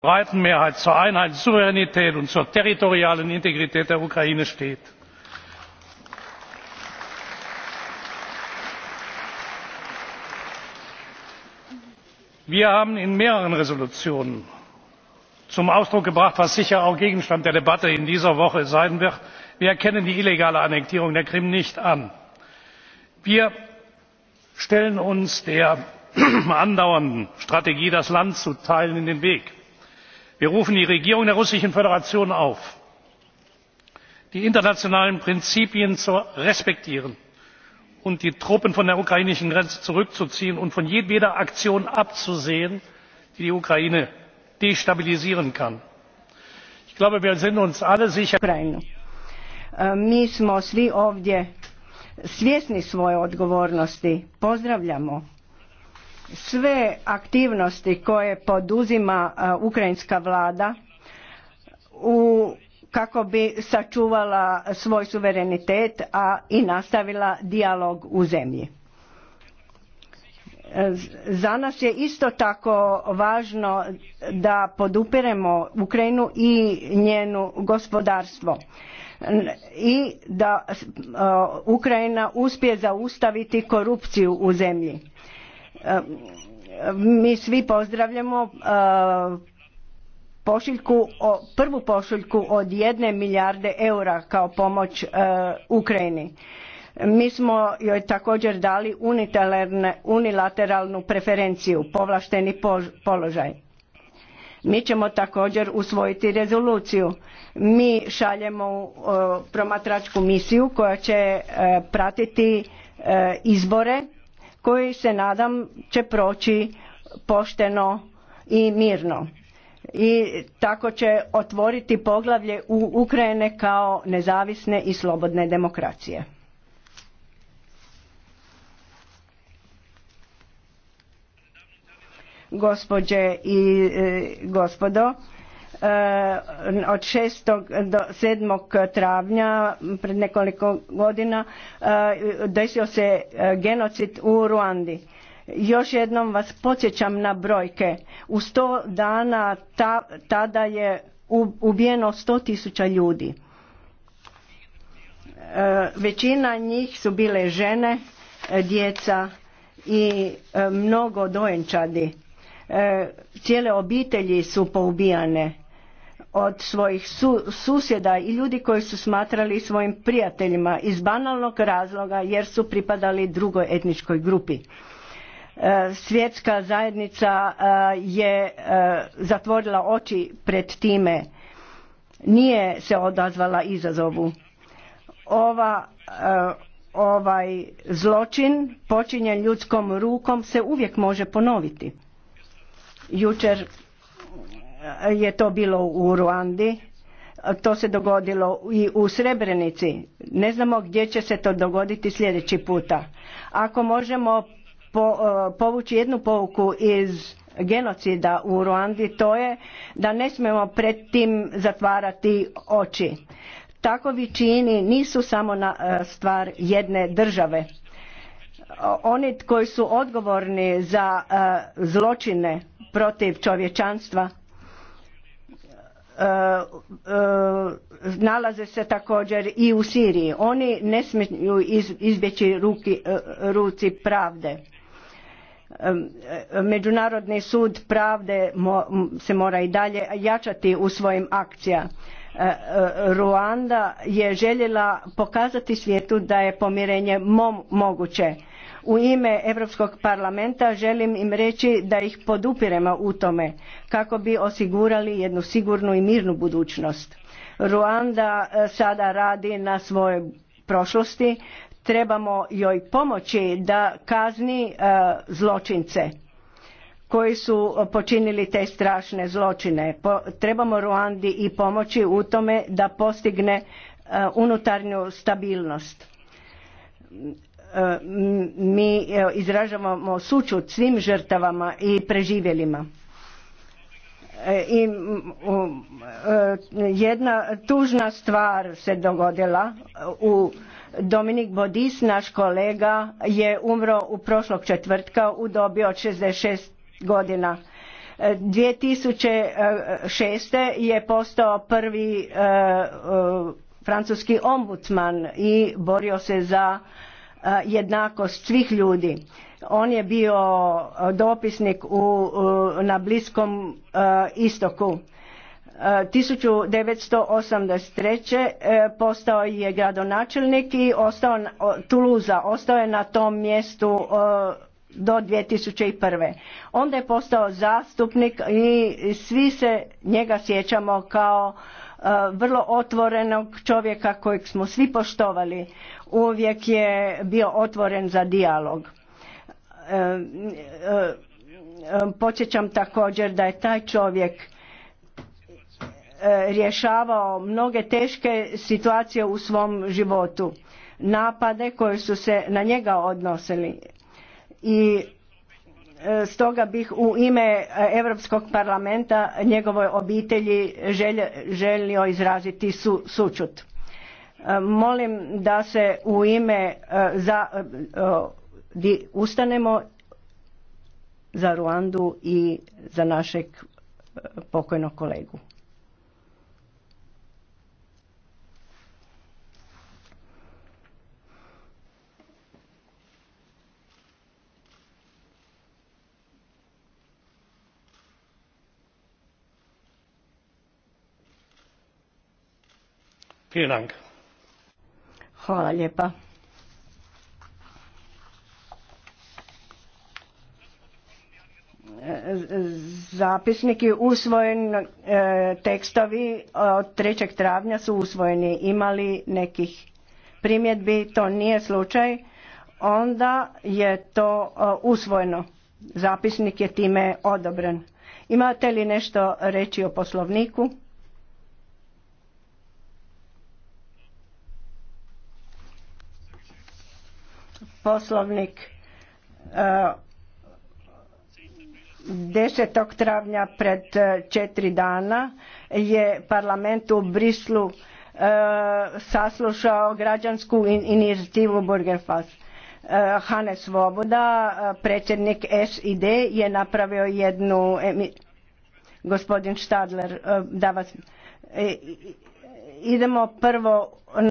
breiten mehrheit zur einheit souveränität und zur territorialen integrität der ukraine steht. wir haben in mehreren entschließungen zum ausdruck gebracht was sicher auch gegenstand der debatte in dieser woche sein wird wir erkennen die illegale annektierung der krim nicht an. wir stellen uns der andauernden strategie das land zu teilen in den weg wir rufen die regierung der russischen föderation auf die internationalen prinzipien zu respektieren und die truppen von der ukrainischen grenze zurückzuziehen und von jedweder aktion abzusehen die die ukraine destabilisieren kann. ich glaube wir sind uns alle sicher e, mi smo svi ovdje svjesni svoje odgovornosti pozdravljamo sve aktivnosti koje poduzima e, ukrajinska vlada u kako bi sačuvala svoj suverenitet a i nastavila dijalog u zemlji e, za nas je isto tako važno da podupiremo Ukrajinu i njenu gospodarstvo i da e, Ukrajina uspije zaustaviti korupciju u zemlji mi svi pozdravljamo e, pošiljku, prvu pošiljku od jedne milijarde eura kao pomoć e, Ukrajini. Mi smo joj također dali unilateralnu preferenciju, povlašteni položaj. Mi ćemo također usvojiti rezoluciju. Mi šaljemo e, promatračku misiju koja će pratiti izbore koji se nadam će proći pošteno i mirno i tako će otvoriti poglavlje u Ukrajine kao nezavisne i slobodne demokracije. Gospođe i e, gospodo, E, od 6. do 7. travnja pred nekoliko godina e, desio se e, genocid u Ruandi. Još jednom vas podsjećam na brojke. U sto dana tada je ubijeno sto tisuća ljudi. Većina njih su bile žene, djeca i mnogo dojenčadi. Cijele obitelji su poubijane od svojih susjeda i ljudi koji su smatrali svojim prijateljima iz banalnog razloga jer su pripadali drugoj etničkoj grupi. E, svjetska zajednica e, je e, zatvorila oči pred time, nije se odazvala izazovu. Ova, ovaj zločin počinjen ljudskom rukom se uvijek može ponoviti. Jučer je to bilo u Ruandi, to se dogodilo i u Srebrenici. Ne znamo gdje će se to dogoditi sljedeći puta. Ako možemo e, povući jednu pouku iz genocida u Ruandi, to je da ne smijemo pred tim zatvarati oči. Takovi čini nisu samo na e, stvar jedne države. Oni koji su odgovorni za e, zločine protiv čovječanstva E, e, nalaze se također i u Siriji. Oni ne smiju izbjeći e, ruci pravde. Međunarodni sud pravde se mora i dalje jačati u svojim akcijama. Ruanda je željela pokazati svijetu da je pomirenje moguće u ime Europskog parlamenta želim im reći da ih podupiremo u tome kako bi osigurali jednu sigurnu i mirnu budućnost. Ruanda e, sada radi na svojoj prošlosti, trebamo joj pomoći da kazni e, zločince koji su počinili te strašne zločine. Trebamo Ruandi i pomoći u tome da postigne e, unutarnju stabilnost E, mi izražavamo sućut svim žrtavama i preživjelima. E, I e, jedna tužna stvar se dogodila u Dominik Bodis, naš kolega, je umro u prošlog četvrtka u dobi od 66 godina. 2006. je postao prvi francuski ombudsman i borio se za E, jednakost svih ljudi. On je bio e, dopisnik u, na Bliskom e, istoku. 1983. postao je gradonačelnik i ostao Tuluza, ostao je na tom mjestu do 2001. Onda je postao zastupnik i svi se njega sjećamo kao E, vrlo otvorenog čovjeka kojeg smo svi poštovali. Uvijek je bio otvoren za dijalog. E, e, Počećam također da je taj čovjek rješavao mnoge teške situacije u svom životu napade koji su se na njega odnosili i Stoga bih u ime e, Europskog parlamenta njegovoj obitelji želio izraziti su, sučut. E, molim da se u ime e, ustanemo za Ruandu i za našeg pokojnog kolegu. Hvala lijepa. Zapisnik je usvojen, e, tekstovi od 3. travnja su usvojeni. Imali nekih primjedbi, to nije slučaj, onda je to e, usvojeno. Zapisnik je time odobren. Imate li nešto reći o poslovniku? Poslovnik 10. E, travnja pred e, četiri dana je parlament u Brislu e, saslušao građansku inicijativu Burgerfass. Hane Svoboda, predsjednik SID, je napravio jednu... Gospodin Stadler, da vas... Idemo prvo